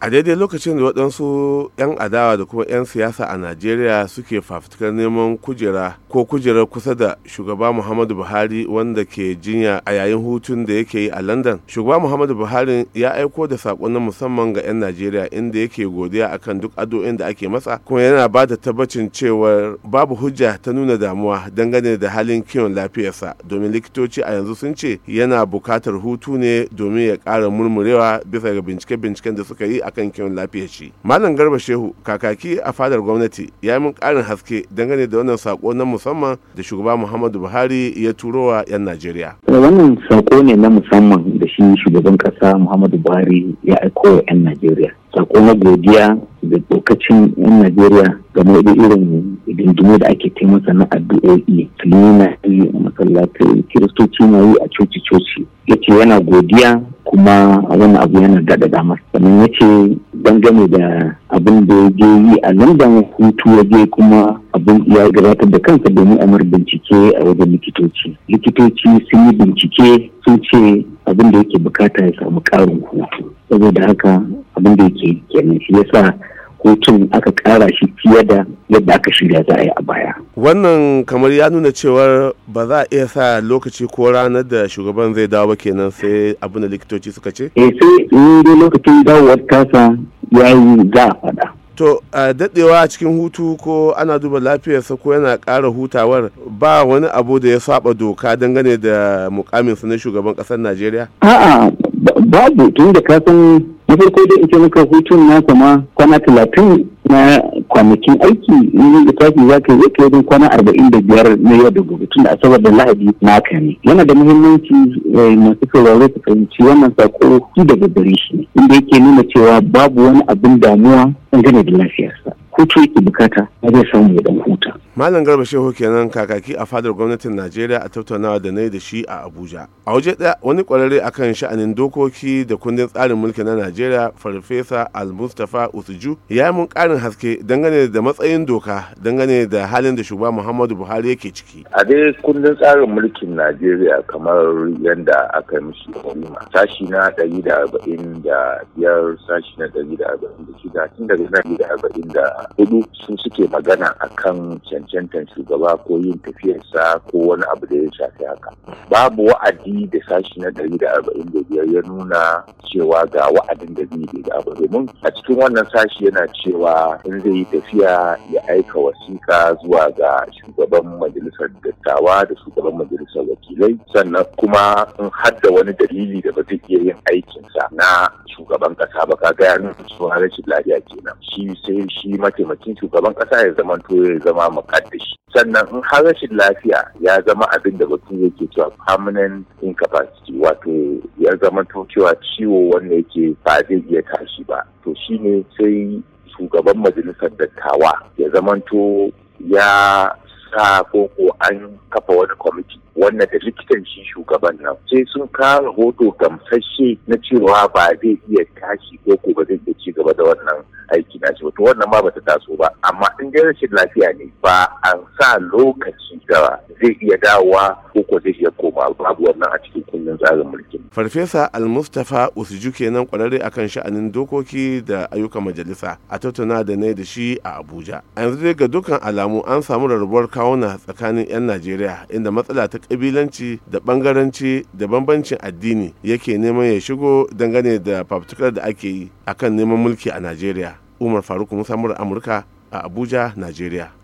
a daidai lokacin da waɗansu 'yan adawa da kuma 'yan siyasa a najeriya suke fafutukar neman kujera ko kujerar kusa da shugaba muhammadu buhari wanda ke jinya a yayin hutun da yake yi a london shugaba muhammadu buhari ya aiko da saƙo na musamman ga 'yan najeriya inda yake godiya a kan duk addu'o'in da ake masa kuma yana ba da tabbacin cewar babu hujja ta nuna damuwa dangane da halin kiwon lafiyarsa domin likitoci a yanzu sun ce yana buƙatar hutu ne domin ya ƙara murmurewa bisa ga bincike-binciken da suka yi akan kiwon lafiyar shi malam garba shehu kakaki a fadar gwamnati ya yi min karin haske dangane da wannan sako na musamman da shugaba muhammadu buhari ya turo wa yan najeriya wannan sako ne na musamman da shi shugaban kasa muhammadu buhari ya aiko wa yan najeriya sako na godiya da lokacin yan najeriya game da irin dindimu da ake taimaka na addu'o'i na yi masallatai kiristoci na yi a coci-coci ya yana godiya kuma a wani abu yana daɗa damar sannan ya ce dangane da abin da ya je yi a london hutu ya je kuma abin ya gabatar da kansa domin amur bincike a wajen likitoci likitoci sun yi bincike sun ce abin da yake bukata ya samu ƙarin hutu saboda haka abin da yake kenan shi yasa Kotun aka ƙara shi fiye da yadda aka shirya za a yi a baya. Wannan kamar ya nuna cewar ba za a iya sa lokaci ko ranar da shugaban zai dawo kenan sai abin da likitoci suka ce? Eh sai in dai lokacin dawowar kasa ya yi za a faɗa. To a daɗewa a cikin hutu ko ana duba lafiyarsa ko yana ƙara hutawar ba wani abu da ya saba doka dangane da mukaminsa na shugaban ƙasar Najeriya? A'a babu tun da kasan na farko dai ita muka hutun na kama kwana talatin na kwanakin aiki in yi littafi za ka yi kai kwana arba'in da biyar na yau da gobe tun da asabar da lahadi na aka ne yana da muhimmanci eh, masu sauraro su fahimci wannan sako su daga gare shi inda yake nuna cewa babu wani abin damuwa dangane da lafiyarsa hutu yake bukata ba zai samu ya dan huta. Malam Garba Shehu kenan kakaki a fadar gwamnatin Najeriya a tattaunawa da na da shi a Abuja. A waje ɗaya wani kwararre akan sha'anin dokoki da kundin tsarin mulki na Najeriya Farfesa Al-Mustapha Usuju ya yi mun ƙarin haske dangane da matsayin doka dangane da halin da shugaba Muhammadu Buhari yake ciki. A dai kundin tsarin mulkin Najeriya kamar yadda aka mishi kalima sashi na ɗari da arba'in da biyar sashi na ɗari da arba'in da shida tun daga ɗari da arba'in da hudu su suke magana a kan cancantar shugaba ko yin tafiyarsa ko wani abu da ya shafi haka babu wa'adi da sashi na ɗari da arba'in da biyar ya nuna cewa ga wa'adin da zai yi da domin a cikin wannan sashi yana cewa in zai yi tafiya ya aika wasiƙa zuwa ga shugaban majalisar dattawa da shugaban majalisar wakilai sannan kuma in hadda wani dalili da ba zai iya yin aikinsa na shugaban ƙasa ba ka gaya nuna cewa rashin lafiya kenan shi sai shi ma. mataimakin shugaban kasa ya zama to ya zama mukaddashi sannan in har rashin lafiya ya zama abin da mutum yake cewa permanent incapacity wato ya zama to cewa ciwo wanda yake ba zai iya tashi ba to shine sai shugaban majalisar dattawa ya zamanto ya sa koko an kafa wani kwamiti wannan da likitan shi shugaban nan sai sun kawo rahoto gamsashe na cewa ba zai iya tashi ko ko ba zai iya ci gaba da wannan aiki na shi to wannan ma bata taso ba amma in dai rashin lafiya ne ba an sa lokaci da zai iya dawowa ko ko zai iya koma babu wannan a cikin kundin tsarin mulkin farfesa almustafa usuju kenan kwararre akan sha'anin dokoki da ayyukan majalisa a tattauna da ne da shi a abuja a yanzu dai ga dukkan alamu an samu rarrabuwar kawuna tsakanin 'yan najeriya inda matsala ta kabilanci da bangaranci da bambancin addini yake neman ya shigo dangane da fafutukar da ake yi akan neman mulki a najeriya umar faruk musa amurka a abuja najeriya